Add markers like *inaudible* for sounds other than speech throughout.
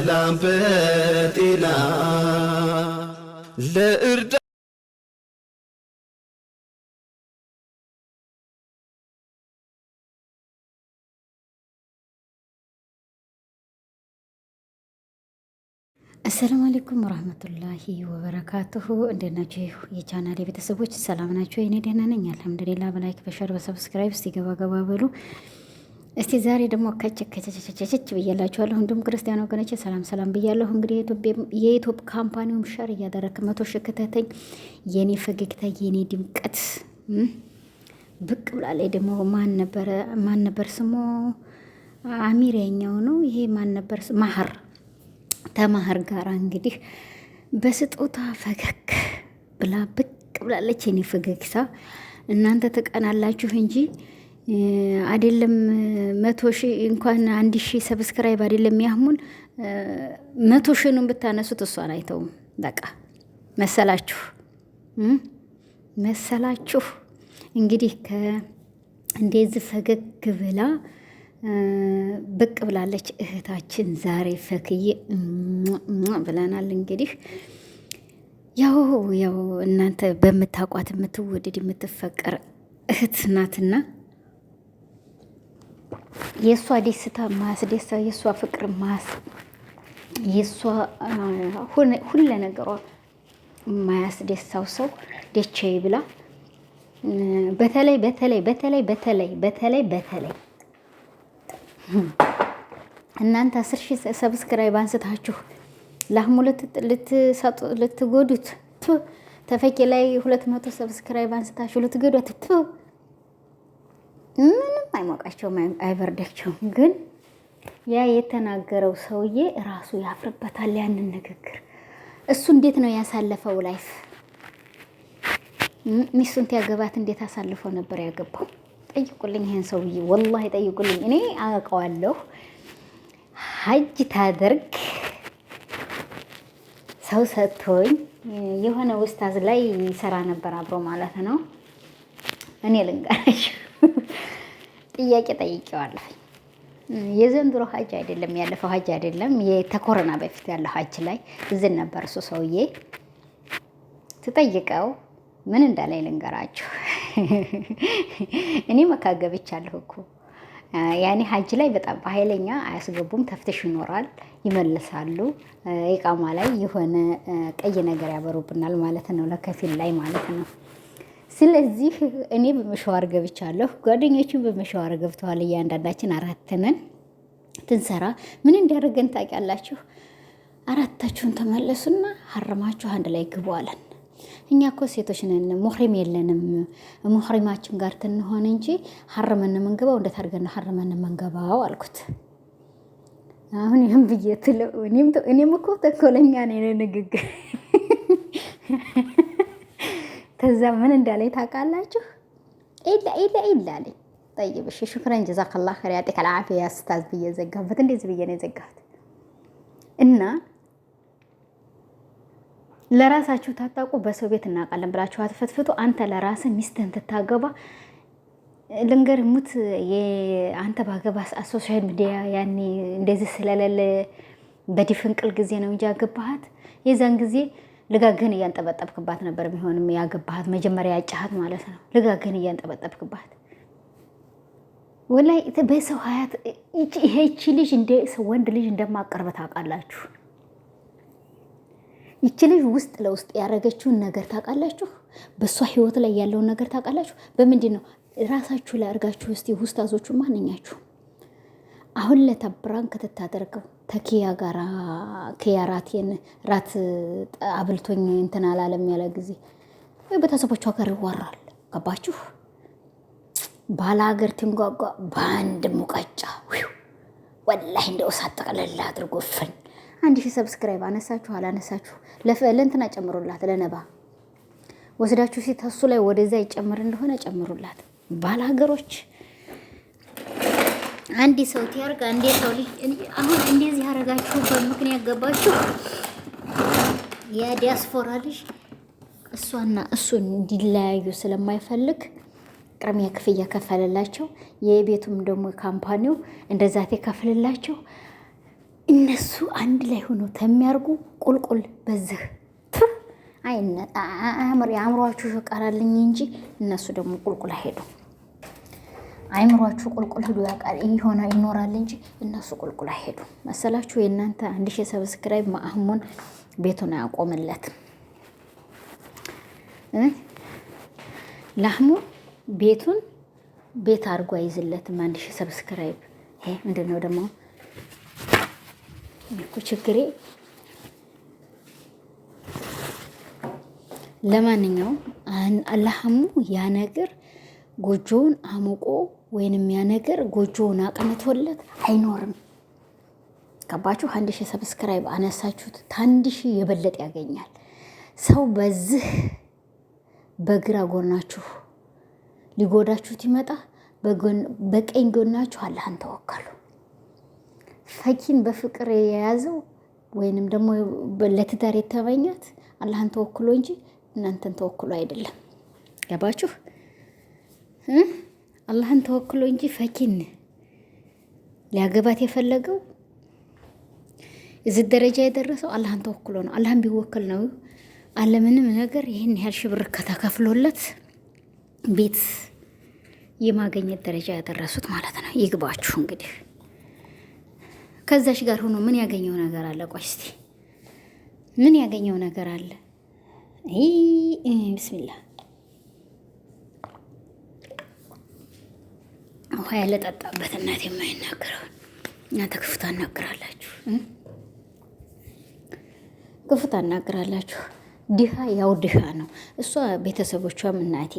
በሰላም በጤና ለእርዳ አሰላሙ አለይኩም ወራህመቱላሂ ወበረካቱሁ። እንዴት ናችሁ የቻናል የቤተሰቦች? ሰላም ናቸው። እኔ ደህና ነኝ አልሐምዱሊላህ። በላይክ በሸር በሰብስክራይብ ሲገባ ገባ በሉ እስቲ ዛሬ ደግሞ ከቸከቸቸቸች ብያላችኋለሁ። እንዲሁም ክርስቲያን ወገኖች ሰላም ሰላም ብያለሁ። እንግዲህ የኢትዮጵ ካምፓኒውም ሸር እያደረክ መቶ ሽክተተኝ የኔ ፈገግታ የኔ ድምቀት ብቅ ብላ ላይ ደግሞ ማን ነበር ስሞ አሚር ያኛው ነው። ይሄ ማን ነበር ማህር ተማህር ጋር እንግዲህ በስጦታ ፈገግ ብላ ብቅ ብላለች። የኔ ፈገግታ እናንተ ትቀናላችሁ እንጂ አይደለም መቶ ሺ እንኳን አንድ ሺ ሰብስክራይብ አይደለም ያህሙን መቶ ሺህኑን ብታነሱት እሷን አይተውም። በቃ መሰላችሁ መሰላችሁ እንግዲህ ከእንደዚህ ፈገግ ብላ ብቅ ብላለች እህታችን ዛሬ ፈክዬ ብለናል። እንግዲህ ያው ያው እናንተ በምታውቋት የምትወደድ የምትፈቀር እህት ናትና የእሷ ደስታ ማስደስታ የእሷ ፍቅር ማስ የእሷ ሁለ ነገሯ ማያስደሳው ሰው ደቼ ብላ በተለይ በተለይ በተለይ በተለይ በተለይ በተለይ *clears throat* እናንተ አስር ሺህ ሰብስክራይብ አንስታችሁ ለአህሙ ልትጎዱት ተፈኪ ላይ ሁለት መቶ ሰብስክራይብ አንስታችሁ ምን አይሞቃቸውም፣ አይበርዳቸውም። ግን ያ የተናገረው ሰውዬ ራሱ ያፍርበታል። ያንን ንግግር እሱ እንዴት ነው ያሳለፈው ላይፍ ሚስቱን ያገባት እንዴት አሳልፈው ነበር ያገባው? ጠይቁልኝ፣ ይህን ሰውዬ ወላሂ ጠይቁልኝ። እኔ አውቀዋለሁ። ሀጅ ታደርግ ሰው ሰጥቶኝ የሆነ ውስታዝ ላይ ይሰራ ነበር አብሮ ማለት ነው። እኔ ልንገራችሁ ጥያቄ ጠይቄዋለሁ። የዘንድሮ ሀጅ አይደለም ያለፈው ሀጅ አይደለም የተኮረና በፊት ያለው ሀጅ ላይ እዝን ነበር እሱ ሰውዬ ትጠይቀው ምን እንዳላይ ልንገራችሁ። እኔ መካ ገብቻለሁ እኮ ያኔ ሀጅ ላይ በጣም በኃይለኛ አያስገቡም። ተፍትሽ ይኖራል፣ ይመልሳሉ። ኢቃማ ላይ የሆነ ቀይ ነገር ያበሩብናል ማለት ነው፣ ለከፊል ላይ ማለት ነው። ስለዚህ እኔ በመሸዋር ገብቻለሁ፣ ጓደኞችን በመሸዋር ገብተዋል። እያንዳንዳችን አራት ነን። ትንሰራ ምን እንዲያደርገን ታውቂያላችሁ? አራታችሁን ተመለሱና ሀረማችሁ አንድ ላይ ግቡ አለን። እኛ እኮ ሴቶች ነን፣ ሙሕሪም የለንም። ሙሕሪማችን ጋር ትንሆን እንጂ ሀረመን መንገባው እንዴት አድርገን ነው ሀረመን መንገባው አልኩት። አሁን ይህም ብዬ ትለው እኔም እኮ ተንኮለኛ ነኝ ንግግር ከዛ ምን እንዳለኝ ታውቃላችሁ? ኢላ ኢላ ኢላ አለኝ። ጠይብ እሺ፣ ሽክረን ጀዛከላ ኸይር ያጤከል ዓፊያ ስታዝ ብዬ ዘጋሁበት። እንደዚህ ብዬ ነው የዘጋሁት። እና ለራሳችሁ ታጣቁ በሰው ቤት እናውቃለን ብላችሁ አትፈትፍቱ። አንተ ለራስህ ሚስትህን ትታገባ ልንገር ሙት አንተ ባገባ ሶሻል ሚዲያ ያኔ እንደዚህ ስለሌለ በድፍንቅል ጊዜ ነው እንጂ አገባሃት የዛን ጊዜ ልጋግህን እያንጠበጠብክባት ነበር ቢሆንም ያገባሃት መጀመሪያ ያጫሃት ማለት ነው። ልጋግህን እያንጠበጠብክባት ወላይ በሰው ሀያት ይቺ ልጅ ወንድ ልጅ እንደማቀርብ ታውቃላችሁ። ይቺ ልጅ ውስጥ ለውስጥ ያደረገችውን ነገር ታውቃላችሁ። በእሷ ህይወት ላይ ያለውን ነገር ታውቃላችሁ። በምንድን ነው ራሳችሁ ላይ አድርጋችሁ ውስጥ ውስጣዞቹ ማንኛችሁ አሁን ለታብራን ከተታደርገው ተኪያ ጋር ኪያ ራቴን ራት አብልቶኝ እንትን አላለም ያለ ጊዜ ቤተሰቦቿ ጋር ይወራል። ገባችሁ? ባለ ሀገር ትንጓጓ በአንድ ሙቀጫ ወላሂ እንደ እሳት ጠቅልላ አድርጎ ፍን አንድ ሺህ ሰብስክራይብ አነሳችሁ አላነሳችሁ ለእንትና ጨምሩላት፣ ለነባ ወስዳችሁ ሲተሱ ላይ ወደዛ ይጨምር እንደሆነ ጨምሩላት ባለ ሀገሮች አንድ ሰው ቲያርግ አንዴ ሰው ልጅ አሁን እንደዚህ ያደረጋችሁበት ምክንያት ገባችሁ? የዲያስፖራ ልጅ እሷና እሱን እንዲለያዩ ስለማይፈልግ ቅድሚያ ክፍያ ከፈለላቸው። የቤቱም ደግሞ ካምፓኒው እንደዛ ከፍልላቸው። እነሱ አንድ ላይ ሆኖ ተሚያርጉ ቁልቁል በዚህ አምሯችሁ ይቀራልኝ እንጂ እነሱ ደግሞ ቁልቁል አይሄዱም። አይምሯችሁ ቁልቁል ሂዶ ያውቃል ይሆነ ይኖራል እንጂ እነሱ ቁልቁል አይሄዱም መሰላችሁ። የእናንተ አንድ ሺህ ሰብስክራይብ ማአህሙን ቤቱን አያቆምለትም። ላህሙ ቤቱን ቤት አድርጎ አይዝለትም። አንድ ሺህ ሰብስክራይብ ምንድን ነው ደግሞ እኮ ችግሬ። ለማንኛውም ለአህሙ ያ ነገር ጎጆውን አሞቆ ወይንም ያ ነገር ጎጆውን አቅንቶለት አይኖርም። ከባችሁ አንድ ሺህ ሰብስክራይብ አነሳችሁት፣ ታንድ ሺህ የበለጠ ያገኛል ሰው። በዚህ በግራ ጎናችሁ ሊጎዳችሁት ይመጣ፣ በቀኝ ጎናችሁ አላህን ተወከሉ። ፈኪን በፍቅር የያዘው ወይንም ደግሞ ለትዳር የተመኛት አላህን ተወክሎ እንጂ እናንተን ተወክሎ አይደለም። ገባችሁ? አላህን ተወክሎ እንጂ ፈኪን ሊያገባት የፈለገው እዚህ ደረጃ የደረሰው አላህን ተወክሎ ነው። አላህን ቢወክል ነው አለምንም ነገር ይህን ያህል ሺህ ብር ከተከፍሎለት ቤት የማገኘት ደረጃ ያደረሱት ማለት ነው። ይግባችሁ እንግዲህ ከዛሽ ጋር ሆኖ ምን ያገኘው ነገር አለ? ቆይ ምን ያገኘው ነገር አለ? ብስሚላህ ውሃ ያለጠጣበት እናት የማይናገረውን እናተ ክፉ ታናግራላችሁ፣ ክፉ ታናግራላችሁ። ድሃ ያው ድሃ ነው። እሷ ቤተሰቦቿም እናቴ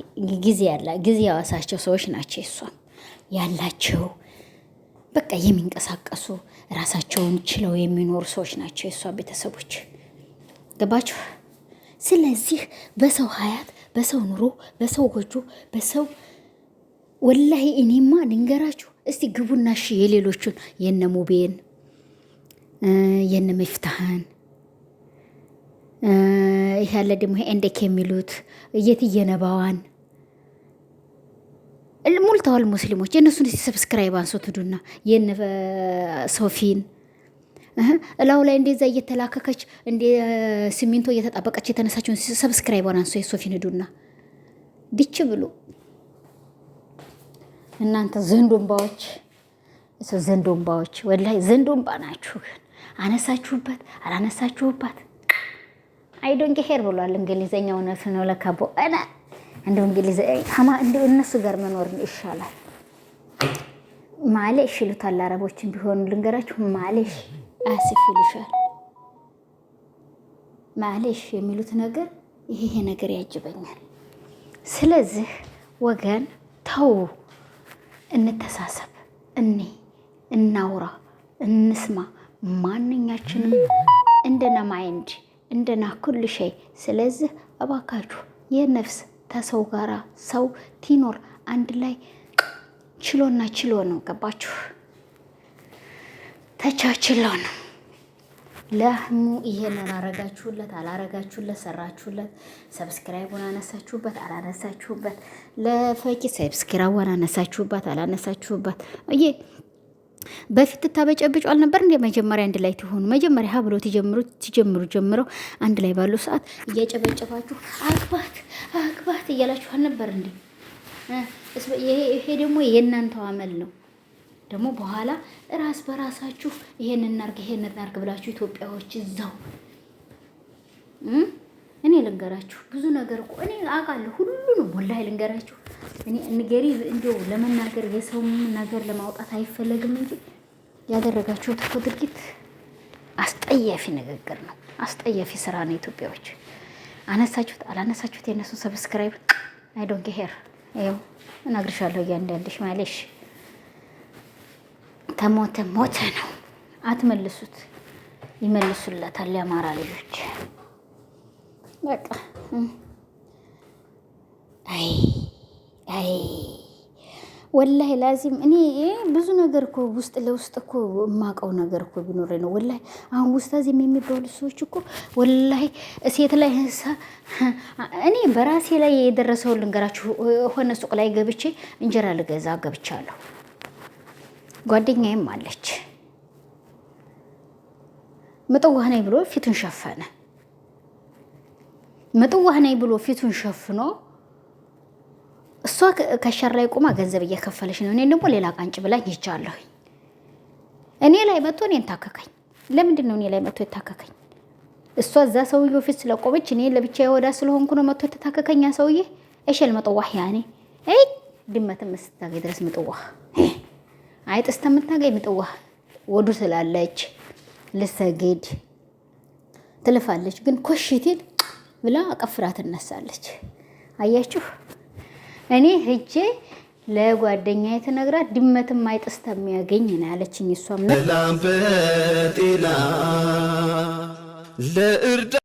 ጊዜ ያላ ጊዜ ያዋሳቸው ሰዎች ናቸው። እሷም ያላቸው በቃ የሚንቀሳቀሱ ራሳቸውን ችለው የሚኖሩ ሰዎች ናቸው የእሷ ቤተሰቦች። ገባችሁ? ስለዚህ በሰው ሀያት፣ በሰው ኑሮ፣ በሰው ጎጆ፣ በሰው ወላሂ እኔማ ልንገራችሁ እስቲ ግቡና እሺ፣ የሌሎቹን የነ ሙቤን የነ መፍታህን ይህ ያለ ደግሞ ኤንደክ እንደክ የሚሉት የትየነባዋን ሙልተዋል ሙስሊሞች የእነሱን ስ ሰብስክራይብ አንሶት ዱና የነ ሶፊን እላው ላይ እንደዛ እየተላከከች እንደ ሲሚንቶ እየተጣበቀች የተነሳችውን ሰብስክራይብ አንሶ የሶፊን ዱና ድች ብሎ እናንተ ዘንዶምባዎች ዘንዶምባዎች ወላሂ ዘንዶምባ ናችሁ። አነሳችሁበት አላነሳችሁበት አይ ዶንት ሄር ብሏል። እንግሊዘኛ እውነት ነው ለካቦ እና እንደው እንግሊዘ አማ እንደው እነሱ ጋር መኖር ይሻላል። ማሌሽ ይሉታል አረቦችን ቢሆኑ ልንገራችሁ፣ ማሌሽ አሲፍ ይልሻል። ማሌሽ የሚሉት ነገር ይሄ ነገር ያጅበኛል። ስለዚህ ወገን ተው። እንተሳሰብ፣ እኔ እናውራ፣ እንስማ። ማንኛችንም እንደና ማይንድ እንደና ኩል ሸይ። ስለዚህ እባካችሁ የነፍስ ተሰው ጋራ ሰው ቲኖር አንድ ላይ ችሎና ችሎ ነው። ገባችሁ? ተቻችሎ ነው። ለህሙ ይሄንን አረጋችሁለት አላረጋችሁለት፣ ሰራችሁለት፣ ሰብስክራይቡን አነሳችሁበት አላነሳችሁበት፣ ለፈቂ ሰብስክራይቡን አነሳችሁበት አላነሳችሁበት እዬ በፊት ታበጨብጩ አልነበር እንደ መጀመሪያ አንድ ላይ ትሆኑ መጀመሪያ ሀብሎ ትጀምሩ ትጀምሩ ጀምረው አንድ ላይ ባሉ ሰዓት እያጨበጨባችሁ አግባት አግባት እያላችሁ አልነበር እንዴ? ይሄ ደግሞ የእናንተው አመል ነው። ደግሞ በኋላ ራስ በራሳችሁ ይሄን እናርግ ይሄን እናርግ ብላችሁ ኢትዮጵያዎች እዛው እኔ ልንገራችሁ ብዙ ነገር እኮ እኔ አውቃለሁ። ሁሉንም ወላሂ ልንገራችሁ እኔ እንገሪ እንዲያው ለመናገር የሰውም ነገር ለማውጣት አይፈለግም እንጂ ያደረጋችሁት እኮ ድርጊት አስጠያፊ ንግግር ነው፣ አስጠያፊ ስራ ነው። ኢትዮጵያዎች አነሳችሁት አላነሳችሁት የእነሱን ሰብስክራይብ አይዶንት ኬር ይኸው እነግርሻለሁ እያንዳንድሽ ማለሽ ከሞተ ሞተ ነው። አትመልሱት፣ ይመልሱለታል። የአማራ ልጆች በቃ አይ አይ ወላሂ ላዚም እኔ ብዙ ነገር እኮ ውስጥ ለውስጥ እኮ የማውቀው ነገር እኮ ቢኖር ነው። ወላሂ አሁን ውስታዚም የሚባሉ ሰዎች እኮ ወላሂ ሴት ላይ እንሳ እኔ በራሴ ላይ የደረሰውን ልንገራችሁ። ሆነ ሱቅ ላይ ገብቼ እንጀራ ልገዛ ገብቻለሁ። ጓደኛዬም አለች ምጥዋህ ነኝ ብሎ ፊቱን ሸፈነ። ምጥዋህ ነኝ ብሎ ፊቱን ሸፍኖ እሷ ከሸር ላይ ቁማ ገንዘብ እየከፈለች ነው፣ እኔን ደግሞ ሌላ ቃንጭ ብላኝ ይቻለሁኝ። እኔ ላይ መጥቶ እኔን ታከከኝ። ለምንድን ነው እኔ ላይ መጥቶ የታከከኝ? እሷ እዛ ሰውዬው ፊት ስለቆመች እኔ ለብቻ የወዳ ስለሆንኩ ነው መጥቶ የተታከከኛ ሰውዬ። እሸል መጥዋህ ያኔ ይ ድመትም እስታገኝ ድረስ ምጥዋህ አይጥ እስከምታገኝ ምጥዋ ወዱ ስላለች ልሰግድ ትልፋለች። ግን ኮሽቲል ብላ አቀፍራ ትነሳለች። አያችሁ እኔ ሄጄ ለጓደኛ የተነግራት ድመትም አይጥ እስከሚያገኝ ነው ያለችኝ እሷም